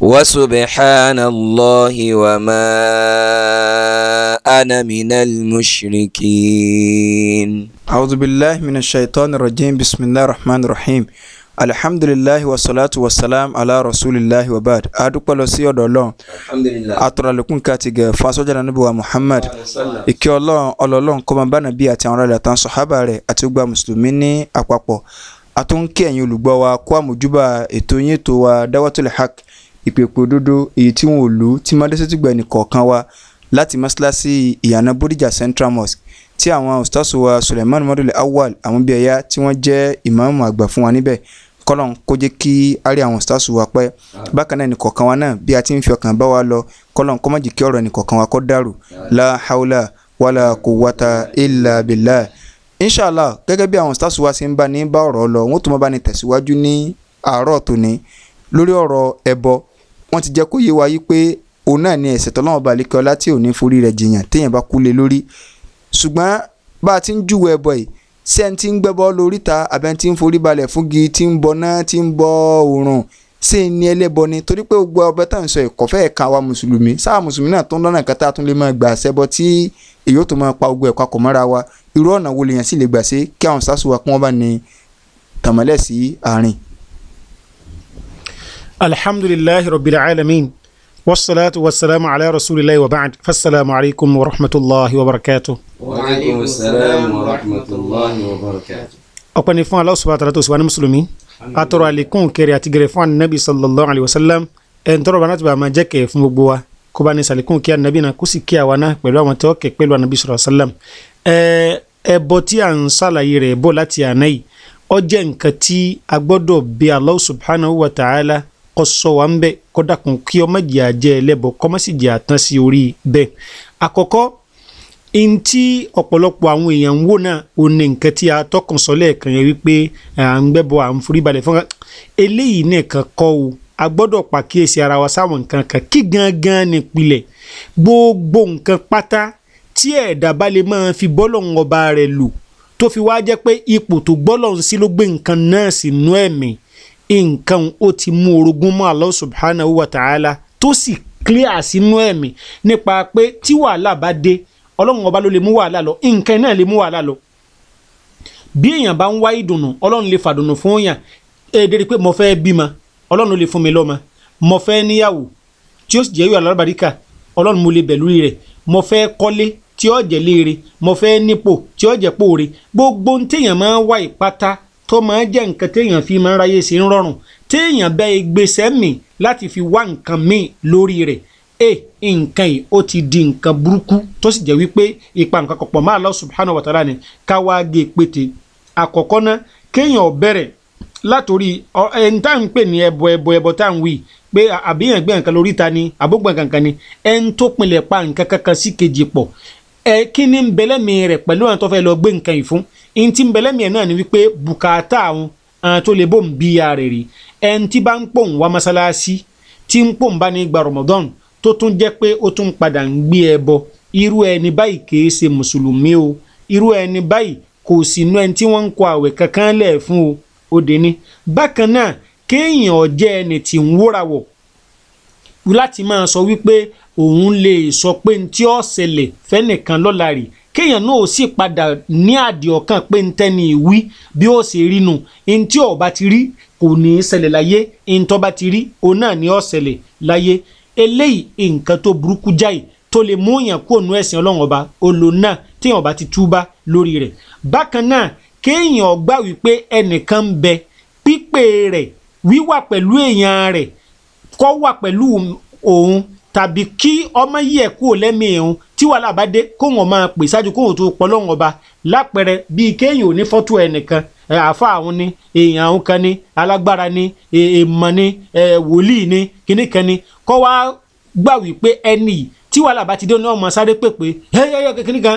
وسبحان الله وما أنا من المشركين أعوذ بالله من الشيطان الرجيم بسم الله الرحمن الرحيم alihamdulilahi wasalaatu wasalaam ala rasulilahi wabaad adúpẹ́ lọ sí ọ̀dọ̀ Ọlọ́run atọrọlẹkùn kàtìgẹ fasọjà nàbí wa muhammad ìkẹ́ Ọlọ́run ọlọlọrun kọmọ bánà bíi àti àwọn ọlọlẹ àtàn sọhábà rẹ̀ àti gbogbo mùsùlùmí ní àpapọ̀ àtúnkẹ́ ẹ̀yin olùgbọ́ wa kó àmójúbà ètò yín ètò wa dáwọ́tò lè hàk ìpèpè òdodo èyí tí wọn ò lù tí mádẹ́sẹ̀tì gbẹ̀nì kọ̀ọ̀kan wa láti mọ́ṣáláṣí ìyànà bódìjà central mosque tí àwọn ustaṣu wa suleiman madule awal àwọn bíi ẹ̀yà tí wọ́n jẹ́ ìmáàmù àgbà fún wa níbẹ̀ kọ́lọ̀n kó jẹ́ kí a rí àwọn ustaṣu wa pẹ́ bákan náà nìkọ̀ọ̀kan wa náà bí a ti ń fi ọkàn bá wa lọ kọ́lọ̀n kó má jẹ́ kí ọ̀rọ̀ nìkọ̀ọ̀kan wa kó dàrú la haula wala quwwata illa billah inshàlá gẹ́gẹ́ bí àwọn ustaṣu wa ṣe ń bá ní bá ọ̀rọ̀ lọ wọ́n tún máa bá ní tẹ̀síwájú ní àárọ̀ tòní lórí ọ̀rọ̀ ẹbọ wọ́n ti jẹ́ kó yé wa yí pé òun náà ni ẹ̀ṣẹ̀ tọ́lọ́wọ́n ba lékè ọlá tí ò ní forí rẹ̀ jìyàn téèyàn bá kú lé lórí ṣùgbọ́n bá a ti ń júwèé ẹbọ yìí sí ẹni tí ń gbẹ́bọ́ lóríta àbẹ́ tí ń forí balẹ̀ fúngi tí ń bọ náà tí ń bọ òòrùn sí ni ẹlẹ́bọ ni torí pé gbogbo ọbẹ̀ tá à ń sọ ẹ̀kọ́ fẹ́ẹ̀ kan wa mùsùlùmí sáà mùsùlùmí náà tó ń lọ́nà kẹta tó lè máa gbà ṣẹbọ tí èyí ó tó máa pa gbogbo ẹ̀kọ́ àkọ́mọ́ra wa irú ọ̀nà wo lèèyàn sì lè gbà ṣe kí àwọn sásùwà kí wọ́n bá ní tàmọ́lẹ̀ sí àárín alhamdulilahi rabbil alamin wasalaatu wasalaamu ala rasulilahi wa baad fasalaamu alaykum wa rahmatulahi wa barakatu. wa aleykum salaam wa rahmatulahi wa barakatu. ọ̀pọ̀ ni fún Allah subhanahu wa ta'ala tó sọ wá ní mùsùlùmí àtọ̀rọ̀ àlékún kẹrì àti gẹrẹ fún anabi sallallahu alayhi wa sallam ẹn tọrọ bana tuba máa jẹ kẹ fún gbogbo wa kó bá ní sàlékún kí anabi náà kó sì kí àwa náà pẹ̀lú àwọn tẹ́wọ́ kẹ pẹ̀lú anabi sallallahu alayhi wa sallam ẹbọ tí à ń ṣàlàyé rẹ̀ bọ̀ láti àná yìí ó jẹ́ nǹkan subhanahu wa ta'ala kó ṣọ́ wa ń bẹ̀ kó dákun kí ó má jẹ́ àjẹ́ ẹlẹ́bọ sì jẹ́ àtàn sí orí bẹ́ẹ̀. àkọ́kọ́ n tí àwọn èèyàn ń wò náà ò nǹkan tí a tọkàn sọ lẹ́ẹ̀kan yẹn wípé à ń gbẹ́bọ à ń forí balẹ̀ fúnra eléyìí nìkan kọ́ o a gbọ́dọ̀ pàkíyèsí ara wa sáwọn nǹkan kan kí gangan nípìnlẹ̀ gbogbo nǹkan pátá tí ẹ̀dá bá lè máa fi bọ́lọ̀hún ọba rẹ̀ lò tó fi wá jẹ́ pé ipò tó gbọ́lọ̀hún sí ló gbé nǹkan náà sínú ẹ̀mí nǹkan ó ti mú orogún mọ́ Allah subhanahu wa ta'ala tó sì clear sínú ẹ̀mí nípa pé tí wàhálà bá dé ọlọ́run ọba ló lè mú wàhálà lọ nǹkan náà lè mú wàhálà lọ bí èèyàn bá ń wá ìdùnnú ọlọ́run lè fàdùnnú fún èèyàn èdè rí i pé mo fẹ́ bímọ ọlọ́run lè fún mi lọ́mọ mo fẹ́ níyàwó tí ó sì jẹ́ ìwà alábàríkà ọlọ́run mo lè bẹ̀ lórí rẹ̀ mo fẹ́ kọ́lé tí ó jẹ́ léere mo fẹ́ nípò tí ó jẹ́ pòore gbogbo ń máa ń wá ìpátá tó máa jẹ́ nǹkan téèyàn fi máa ń ráyè sí ń rọrùn téèyàn bẹ́ẹ̀ gbèsè mi láti fi wá nǹkan míì lórí rẹ̀ e nǹkan yìí ó ti di nǹkan burúkú tó sì jẹ́ wípé ipa nǹkan kọ̀pọ̀ máa Allah subhanahu wa ta'ala ni ká wá gé pété àkọ́kọ́ ná kéèyàn bẹ̀rẹ̀ látòrí ẹni tá à ń pè ní ẹbọ ẹbọ ẹbọ tá à ń wí pé àbíyàn gbé nǹkan lórí ta ni àbúgbọ̀n kankan ni ẹni tó pinlẹ̀ pa nǹkan kankan sí kejì pọ̀ ẹ kí ni ń bẹlẹ́mì rẹ̀ pẹ̀lú àwọn tó fẹ́ lọ gbé nǹkan yìí fún ẹni tí ń bẹlẹ́mì rẹ̀ náà ni wípé bùkátà àwọn àwọn tó lè bò ń bí ya rẹ̀ ẹni tí bá ń pò ń wá mọ́sálásí tí ń pò ń bá ní gba Ramadan tó tún jẹ́ pé ó tún padà ń gbé ẹbọ irú ẹni báyìí kì í ṣe mùsùlùmí o irú ẹni báyìí kò sí inú ẹni tí wọ́n ń kọ àwẹ̀ kankan lẹ̀ fún o òde ni bákan náà kéèyàn ọ̀jẹ́ ẹni tí ń wúra láti máa sọ wípé òun lè sọ pé n tí ó ṣẹlẹ̀ fẹ́nìkan lọ́la rè kéèyàn náà ó sì padà ní àdì ọ̀kan pé n tẹ́ni ìwí bí ó ṣe rí nu n tí ó bá ti rí kò ní í ṣẹlẹ̀ láyé n tó bá ti rí òun náà ni ó ṣẹlẹ̀ láyé eléyìí nǹkan tó burúkú jáì tó lè mú èèyàn kúrò nú ẹ̀sìn ọlọ́run ọba olò náà téèyàn bá ti túbá lórí rẹ̀ bákan náà kéèyàn gbà wípé ẹnìkan ń bẹ pípé rẹ̀ wíwà pẹ̀lú èèyàn rẹ̀ kọ́ wà pẹ̀lú òun tàbí kí ọmọ yìí ẹ̀ kúrò lẹ́mìí òun tí wàhálà bá dé kóhùn máa pè ṣáájú kóhùn tó pọ̀ ọba lápẹẹrẹ bíi kéèyàn ò ní fọ́tò ẹnìkan àáfà àwọn ni èèyàn àwọn kan ni alágbára ni èèmọ̀ ni wòlíì ni kíníkan ni kọ́ wá gbà wípé ẹni yìí tí wàhálà bá ti dé ọ̀nà ọmọ sáré pèpè yẹ́yẹ́yẹ́ kékeré kan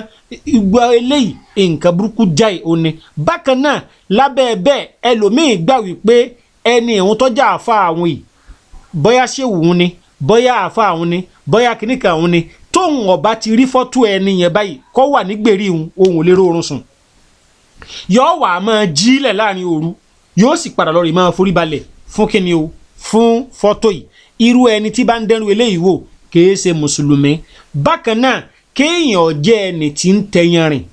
ìgbà eléyìí nǹkan burúkú jáì ó ní. bákan náà lábẹ́ bẹ́ẹ̀ ẹlòmíín gbà wípé ẹni ìhun ni bóyá àfa àwọn ni bóyá kìnnìkà àwọn ni tóun ọba ti rí fọ́tò ẹni yẹn báyìí kọ́ wà nígbèrè ohun ò lè rọrùn sùn yóò wà á máa jílẹ̀ láàrin òru yóò sì padà lọ́ọ́ rí máa forí balẹ̀ fún kíni o fún fọ́tò yìí irú ẹni tí bá ń dẹnu eléyìí wò kìí ṣe mùsùlùmí bákan náà kéèyàn jẹ́ ẹni tí ń tẹyan rìn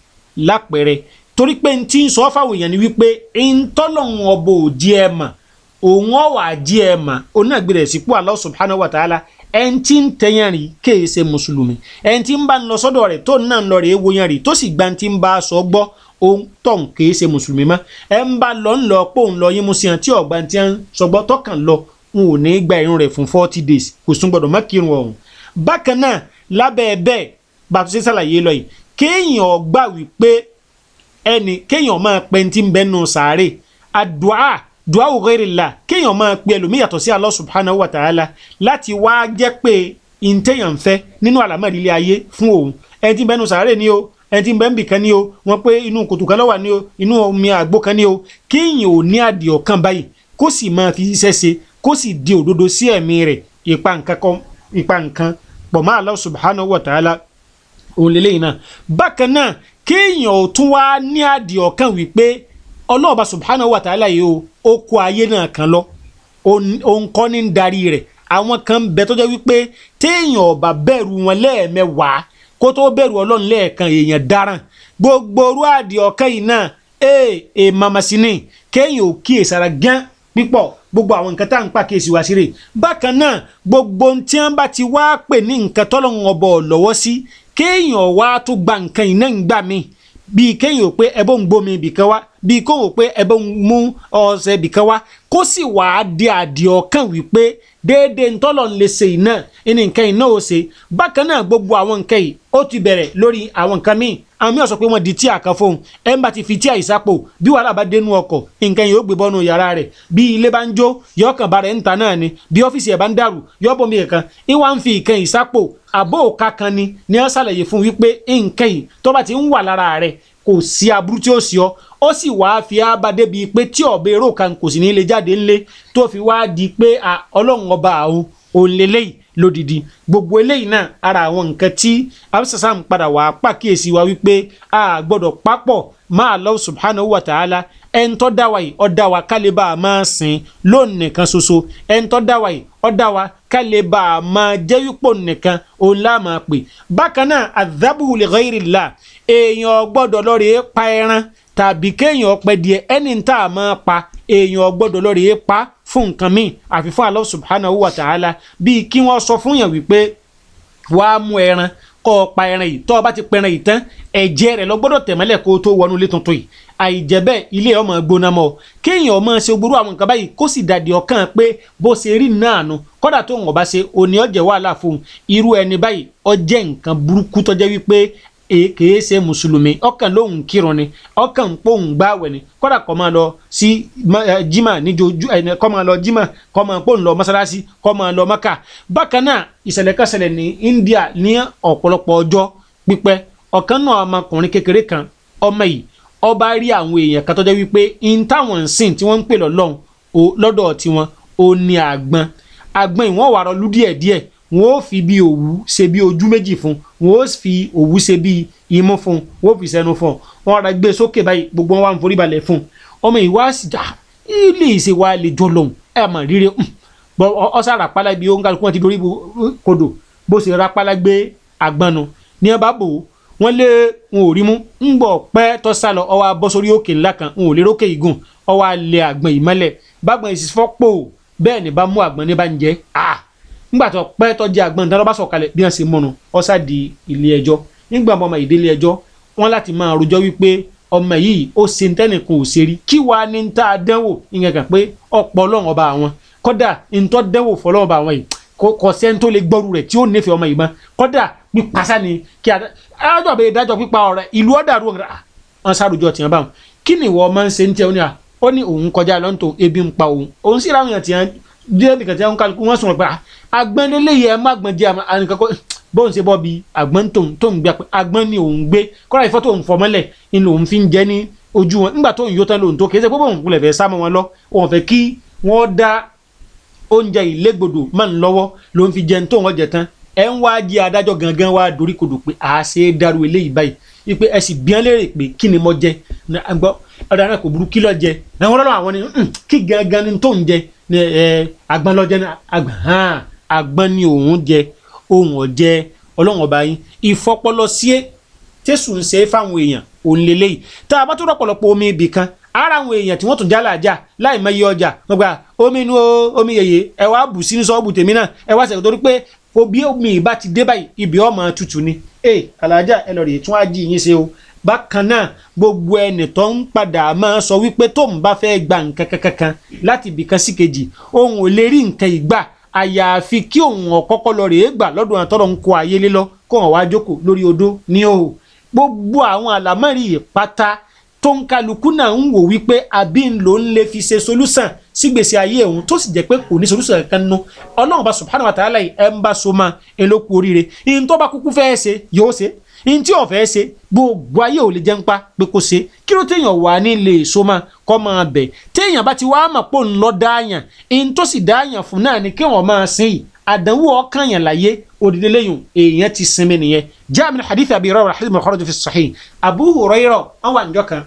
lápẹẹrẹ torí pé ti ń sọ fáwọn èèyàn ni wípé ń tọ́lọ́hún ọba ẹ̀ mà òun ọ̀wà jí ẹ mà òun náà sípò Allah subhanahu wa ta'ala ẹn tí ń tẹyàn rí kéè ṣe mùsùlùmí ẹn tí ń bá ń lọ sọ́dọ̀ rẹ̀ tó náà ń lọ rẹ̀ ewo yẹn rí tó sì gba ti ń bá a sọ gbọ́ òun tọ̀hún kéè mùsùlùmí mọ́ ẹ ń bá lọ ń lọ pò ń lọ yín mu tí ọ̀gbà ti ń sọ gbọ́ tọ́kàn lọ n ò ní gba irun rẹ̀ fún forty days kò sún gbọ́dọ̀ má kírun ọ̀hún. bákan náà lábẹ́ bẹ́ẹ̀ bàtú sí sàlàyé lọ yìí kéèyàn ọgbà wípé ẹni kéèyàn máa pẹ́ ń bẹ́nu sàárè àdúà duawu ghairillah kéèyàn máa pe ẹlòmíì yàtọ̀ sí Allah subhana wa ta'ala láti wá jẹ́ pé ìǹtẹ̀yàn fẹ́ nínú àlámọ̀rí ilé ayé fún òun ẹni tí ń bẹnu sàárè ni o ẹni tí ń bẹ́ẹ̀ bì kan ni o wọ́n pé inú kòtò kan lọ́wọ́ ni o inú omi àgbo kan ni o kéèyàn ò ní àdìọ̀ kan báyìí kó sì máa fi iṣẹ́ ṣe kó sì di òdodo sí ẹ̀mí rẹ̀ ipa nǹkan pọ̀ mọ́ Allah subhana wa ta'ala òun lélẹ́yìn náà bákan náà kéèyàn ò tún wá ní àdìọ̀ kan wípé ọlọ́ọ̀ba ó ayé náà kan lọ òun ni ní darí rẹ̀ àwọn kan bẹ tó wípé téèyàn ọba bẹ̀rù wọn lẹ́ẹ̀mẹwàá kó tó bẹ̀rù ọlọ́run lẹ́ẹ̀kan èèyàn dáràn gbogbo orú àdì ọ̀kẹ́ yìí náà ee eh, eh, èèmàmàsínì kéèyàn ò kíyèsára gán pípọ̀ gbogbo àwọn nǹkan tá à bákan náà gbogbo ti wá pè ní nǹkan tọ́lọ́run ọbọ̀ lọ́wọ́ sí kéèyàn wá tó gba nǹkan bíi kéèyàn pé ẹbọ ń gbómi bìkan wá bíi kóhùn pé ẹbọ ń mú ọṣẹ bìkan wá kó sì wàá di àdìẹ ọkàn wípé déédéé ntọ́lọ̀ ń lè ṣe iná ní nǹkan iná ò ṣe bákan náà gbogbo àwọn nǹkan yìí ó ti bẹ̀rẹ̀ lórí àwọn nǹkan míì àwọn míì ọ̀sọ̀ pé wọ́n di tí àkàn fóun ẹ̀ ń bá ti fi tí àìsàpò bí wàhálà bá dénú ọkọ̀ nǹkan yìí ó gbé bọ́nu yàrá rẹ̀ bí ilé bá ń jó yọ kàn bá rẹ̀ ń ta náà ni bí ọ́fíìsì ẹ̀ bá ń dàrú yọ bọ́mi kankan ìwà ń fi nǹkan ìsàpò àbó kan ni ni wọ́n ṣàlàyé fún wípé nǹkan yìí tó bá ti ń wà lára rẹ̀ kò sí aburú tí ó sì ọ ó sì wáá fi ába débi pé tí ọ̀bẹ èrò kan kò sì ní lè jáde ńlé tó fi wáá di pé ọlọ́run ọba àwọn òun lélẹ́yìí lódìdí gbogbo eléyìí náà ara àwọn nǹkan tí abisasam padà wàá pàkíyèsí wa wípé a gbọ́dọ̀ papọ̀ máa Allah subhanahu wa ta'ala ẹni tó dá wa yìí ó dá wa kálí bá a máa sìn lóun nìkan ṣoṣo ẹni tó dá wa yìí ó dá wa kálí bá a máa jẹ́ yípo nìkan òun lá pè. bákan náà adhabu li ghayrillah èèyàn gbọ́dọ̀ lọ́ọ̀rẹ́ pa ẹran tàbí kéèyàn ọpẹ díẹ̀ ẹni tá a máa pa èèyàn gbọ́dọ̀ lọ́ọ̀rẹ́ pa fún nǹkan míì àfi fún Allah subhanahu wa ta'ala bíi kí wọ́n sọ fún yàn wípé wàá mú ẹran kọ́ ọ pa ẹran yìí tọ́ ọ bá ti pẹran yìí tán ẹ̀jẹ̀ rẹ̀ lọ gbọ́dọ̀ tẹ̀mẹ́lẹ̀ kó o tó wọnú ilé tuntun yìí àìjẹ́bẹ́ ilé ọmọ gbóná mọ́ kéèyàn ọmọ ṣe gbúrú àwọn nǹkan báyìí kó sì dàdí ọkàn pé bó ṣe rí náà nu kódà tó ń wọ̀ bá ṣe òní ọ̀jẹ̀ wàhálà fún un irú ẹni báyìí ó jẹ́ nǹkan burúkú tó wípé E, kìí ṣe mùsùlùmí ọkàn lóhùn kírun ni ọkàn pòhùn gbáwẹ̀ ni kódà kọ́ máa lọ sí jimá níjojú ẹni kọ́ máa lọ jimá kọ́ máa pòhùn lọ mọ́sálásí kọ́ máa lọ maka bákan náà kan ní India ní ọ̀pọ̀lọpọ̀ ọjọ́ ọba rí àwọn èèyàn kan wípé in táwọn ń sìn tí wọ́n ń pè lọ́lọ́run lọ́dọ̀ tiwọn ní àgbọn àgbọn wọn ó fi bí òwú ṣe bí ojú méjì fún wọn ó fi òwú ṣe bí imú fún wọn ó fi sẹ́nu fún wọn ara gbé e sókè báyìí gbogbo wọn wà ń forí balẹ̀ fún ọmọ ìwá sìjà ilé ìṣe wa lè jọ lọ́hùn ẹ̀ mọ̀ rírẹ́ hmm. ọ̀sán àràpálá ibi ó ń kálukú wọn ti dorí kodò bó ṣe rápálá gbé àgbọ̀nù ní ọba bò wọ́n lé wọn ò rí mú ń bọ̀ pẹ́ tó sá lọ ọwọ́ abọ́ sórí òkè ńlá kan wọn ò lè rókè igun ọwọ́ alẹ́ àgbọ̀n ìmọ́lẹ̀ bágbọ̀n ìsìfọ́pò bẹ́ẹ̀ ni bá mú àgbọ̀n ní bá ń jẹ́ à nígbà tó pẹ́ tó jẹ́ àgbọn ìdáná bá sọ̀kalẹ̀ bí wọ́n ṣe mọ̀nà ọ̀sà di ilé ẹjọ́ nígbà ọmọ yìí délé ẹjọ́ wọ́n láti máa rojọ́ wípé ọmọ yìí ó ṣe ń tẹ́nìkan ò ṣe rí kí wàá ní ta dánwò ìyẹn kan pé ọ̀pọ̀ ọlọ́run ọba àwọn kódà ìtọ́ dánwò fọlọ́run ọba àwọn yìí kò sẹ́ni tó lè gbọ́rù rẹ̀ tí ó nífẹ̀ẹ́ ọmọ yìí mọ́ kódà pípasá ni kí adájọ́ àbẹ̀yẹ dájọ́ pípa ọ̀rẹ́ ìlú ọ̀dàrú ọ̀n sáròjọ́ tiẹ̀ báwọn kí ni ìwọ ọmọ ń ṣe ń tẹ́ ọ ó ní òun kọjá lọ́ntò ebi ń pa òun òun sì ráwọn èèyàn tiẹ̀ díẹ̀ nìkan tiẹ̀ ń kálukú wọ́n sùn ọ̀gbà agbẹ́nlélẹ́yìí ẹ má gbọ́n jẹ́ àníkankọ́ bóun ṣe bọ́ bi àgbọ́n tó ń gbé àgbọ́n ni òun gbé kọ́ra ìfọ́ tó ń fọ́ mọ́lẹ̀ ni lòun fi ń jẹ́ ní ojú wọn nígbà tó ń yó tán lòun tó kéde pé bóun kulẹ̀ fẹ́ sá mọ́ wọn lọ òun fẹ́ kí wọ́n dá oúnjẹ ìlégbodò máa ń lọ́wọ́ lòun fi jẹun tó wọ́n jẹ tán ẹ ń wá jẹ adájọ́ gangan wá dorí kodò pé a ṣe é dárú eléyìí báyìí wípé ẹ sì bí ẹ pé kí ni mo jẹ gbọ́ ọ̀dà náà kò burú kí lọ jẹ àwọn ọlọ́run àwọn ni kí gangan ni tó ń jẹ àgbọn lọ jẹ àgbọn hàn àgbọn ni òun jẹ òun ọ̀jẹ ọlọ́run ọba yín ìfọpọlọ sí é tẹ̀sù ń ṣe fáwọn èèyàn òun lélẹ́yìí tá a bá tó rọ̀pọ̀lọpọ̀ omi ibì kan ara àwọn èèyàn tí wọ́n tún jálà já láì mọ iye ọjà wọ́n gba omi inú omi yèyè ẹ wá bù sínú sọ́ọ̀bù tèmi náà ẹ wá sẹ̀kọ̀ torí pé obi omi ìbá ti dé báyìí ibi ọmọ tutù ni ẹ alájà ẹ lọ rèé tún á jí yín ṣe o bákan náà gbogbo ẹnì tó ń padà máa sọ wípé tóun bá fẹ́ gba nǹkan kankan láti ibì kan sí kejì òun ò lè rí nǹkan ìgbà àyàfi kí òun ọ̀kọ́kọ́ lọ rèé gbà lọ́dún àtọ́rọ̀ ń kó ayé lé lọ kó hàn wá jókòó lórí odó ní òhò gbogbo àwọn àlámọ́rì ìpátá tó ń kálukú náà ń wò wípé àbí ń lò ń lè fi ṣe solúsàn sígbèsè ayé òun tó sì jẹ́ pé kò ní solúsàn kankan nù ọlọ́run bá subhanahu wa ta'ala ẹ̀ ń bá so máa ẹ̀ ló kú oríire ìyẹn tó bá kúkú fẹ́ ṣe yóò ṣe in tí ọ̀fẹ́ ṣe gbogbo ayé ò lè jẹ́ ń pa pé kó ṣe kí ló téèyàn wà ní lè so máa kọ́ máa bẹ̀ téèyàn bá ti wá mà pò ń lọ dáàyàn in tó sì dáàyàn fún náà ni kéèyàn máa sìn yìí àdánwò ọkànyàn láyé òdìdí lẹ́yìn èèyàn ti sinmi nìyẹn jaa min hadith abi rọrọ hadith mọ̀ kọ́rọ́dù fi sahih Abu Hurairah wọn wà níjọ kan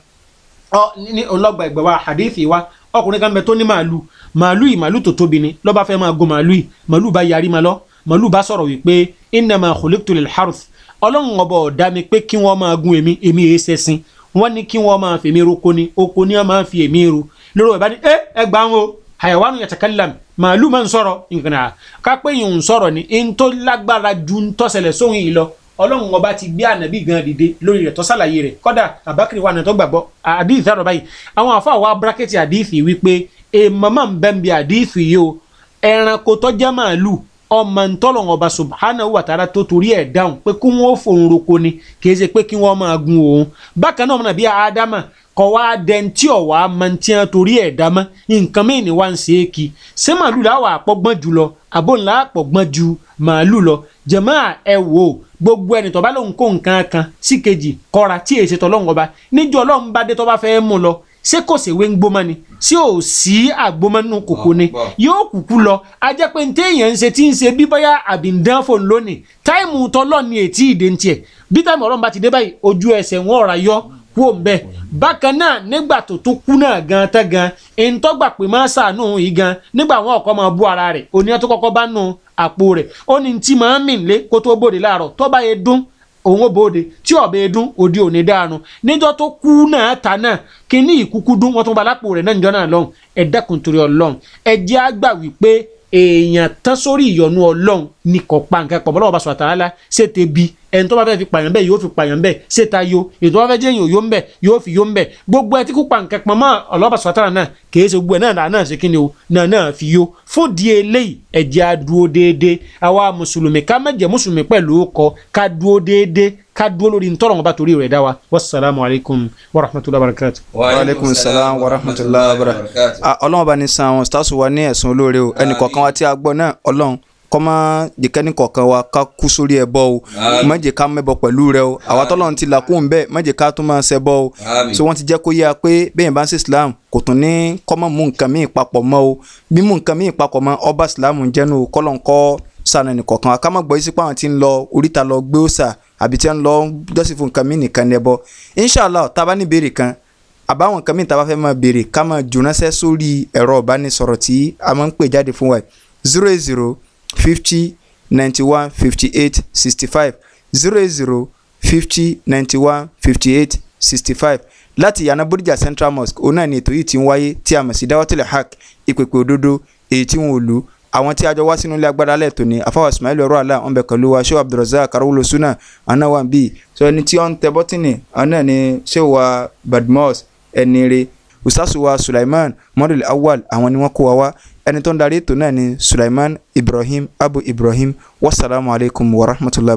ní ọlọ́gba ìgbà wa hadith wa ọkùnrin kan bẹ tó ní màálù màálù yìí màálù tó tóbi ni lọ́ba fẹ́ máa go màálù yìí màálù bá yarí ma lọ màálù bá sọ̀rọ̀ wípé innama khuliqtu lil harth ọlọ́run ọba ọ̀dá mi pé kí wọ́n máa gun èmi èmi èé sẹ́sìn wọ́n ní kí wọ́n máa fèmí roko ni oko ni wọ́n máa fi èmi ro lórí ìbá ní ẹ ẹ gbà wọn o àyàwánu yàtàkàlám màálù máa ń sọ̀rọ̀ nǹkan náà kápẹ́ yìí ń sọ̀rọ̀ ni ń tó lágbára ju ń tọ́sẹ̀lẹ̀ sóhun yìí lọ ọlọ́run ọba ti gbé ànábì gan dìde lórí rẹ̀ tọ́sàlàyé rẹ̀ kọ́dà àbákiri wa náà tó gbàgbọ́ àdìsí àrọ̀ báyìí àwọn àfa wa bírákẹ́tì àdìsí wípé èèmọ̀ máa ń bẹ́ẹ̀ bí àdìsí yìí o ẹranko tọ́jẹ́ màálù ọmọ ntọ́lọ̀ ọba subhanahu wa ta'ala tó torí ẹ̀ dáhùn pé kí wọ́n fòun roko ni kìí ṣe pé kí wọ́n máa gun òun bákan náà ọmọnàbí ádámà kọ̀ wá dẹ́ntì ọ̀wá mọ̀ntíyàn torí ẹ̀ dámọ́ nǹkan mìíràn ni wá ń ṣe é kí ṣé màálù láwà àpọ̀gbọ́n jù lọ àbóńlá àpọ̀gbọ́n ju màálù lọ jẹ̀mọ́ ẹ wò ó gbogbo ẹni tọ́ba lòun kó nǹkan kan síkejì kọ́ra tí èsì tọ́lọ́run ọba níjọ́ ọlọ́run bá dé tọ́ba fẹ́ mú lọ ṣé kò sèwé ń gbómọ ni ṣé ò sí àgbómọnú kòkó ni ah, yóò kúkú lọ ajẹ́ pé ní téèyàn ń ṣe tí ń ṣe bí bóyá àbí ń dán fóun lónìí táìmù tọ́lọ́ ni ètí ìdè ń tiẹ̀ bí táìmù ọlọ́run bá ti dé báyìí ojú ẹsẹ̀ wọn ọ̀rá yọ kú òun bẹ́ẹ̀ bákan náà nígbà tó tún kú náà gan tán gan ìǹtọ́gbà pé máa ṣàánú yìí gan nígbà wọn ọkọ máa bú ara rẹ̀ oníyàn tó kọ́kọ́ bá nù àpò rẹ̀ ó ní ti máa mìn lé kó tó bòde láàárọ̀ tó bá yẹ dún òun ó bóde tí ọ̀bẹ dún òde òní dáanu níjọ́ tó kú náà ta náà kíní ìkúkú dún wọ́n tún ba lápò rẹ̀ náà níjọ́ náà lọ́hùn ẹ dákun torí ọlọ́hùn ẹ á gbà wípé èèyàn tán sórí ìyọnu ọlọ́hùn ni kò pa nǹkan pọ̀ bọ́lá ọba sọ̀tàlá ṣètè bíi ẹni tó bá fẹ́ fi pààyàn bẹ́ẹ̀ yóò fi pààyàn bẹ́ẹ̀ ṣètà yo ètò bá fẹ́ jẹ́ èèyàn yóò ń bẹ̀ yóò fi yóò ń bẹ̀ gbogbo ẹ tí kú pa nǹkan pọ̀ mọ́ ọlọ́ba sọ̀tàrà náà kìí ṣe gbogbo ẹ̀ náà náà ṣe kíni o náà náà fi yo fún di eléyìí ẹ̀jẹ̀ á dúró déédéé àwa mùsùlùmí ká mẹ́jẹ̀ mùsùlùmí pẹ̀lú kọ ká dúró déédéé ká dúró lórí ntọ́rọ̀ wọn bá torí rẹ̀ dá wa wasalaamu alaykum wa rahmatulahi wa barakatu. wa aleykum salaam wa rahmatulahi wa barakatu. ọlọ́run bá ní san àwọn sitaasu wa ní ẹ̀sùn olóore o ẹnì kọ̀ọ̀kan wa tí a gbọ́ náà ọlọ́run kọ́má jẹ́kẹ́ ní kọ̀ọ̀kan wa ká kú sórí ẹ bọ́ o má jẹ́ ká mẹ́bọ pẹ̀lú rẹ o àwa ti là kún bẹ́ẹ̀ má jẹ́ ká tún máa o so wọ́n ti jẹ́ kó yé wa pé bẹ́ẹ̀ bá ń ṣe Islam kò tún ní kọ́má mú nǹkan míì papọ̀ mọ́ o bí mú nǹkan míì papọ̀ mọ́ ọba Islam jẹ́nu kọ́lọ́nkọ́ sànà nìkọ̀ọ̀kan wa ká má gbọ́ sí pé àwọn ti ń lọ oríta lọ gbé òòsà àbí tí wọ́n lọ jọ́sìn fún nǹkan nìkan ní ẹbọ inshallah tá a bá kan àbáwọn nǹkan míì tá a bá fẹ́ máa béèrè ká máa jùnásẹ́ sórí ẹ̀rọ ìbánisọ̀rọ̀ a máa ń pè jáde fún wa zero eight zero fifty ninety one fifty eight sixty láti yàrá bódìjà central mosque òun náà ni ètò yìí ti ń wáyé tí a mọ̀ sí dáwọ́tìlẹ̀ hack ìpèpè òdodo èyí tí wọn lù àwọn tí a jọ wá sínú ilé agbára alẹ́ tòní afáwà ismail ọ̀rọ̀ àlà ọ̀n bẹ̀ pẹ̀lú wa ṣé abdulrasaq arúgbó suna àná wà ń sọ ẹni tí ó tẹ bọ́tìnì àná ni ṣé wa badmus ẹni re usasu wa sulaiman mọ́dúlẹ̀ awal àwọn ni wọ́n kó wa wá ẹni tó ń darí ètò náà ni Sulaiman Ibrahim Abu Ibrahim wasalaamualeykum wa rahmatulahi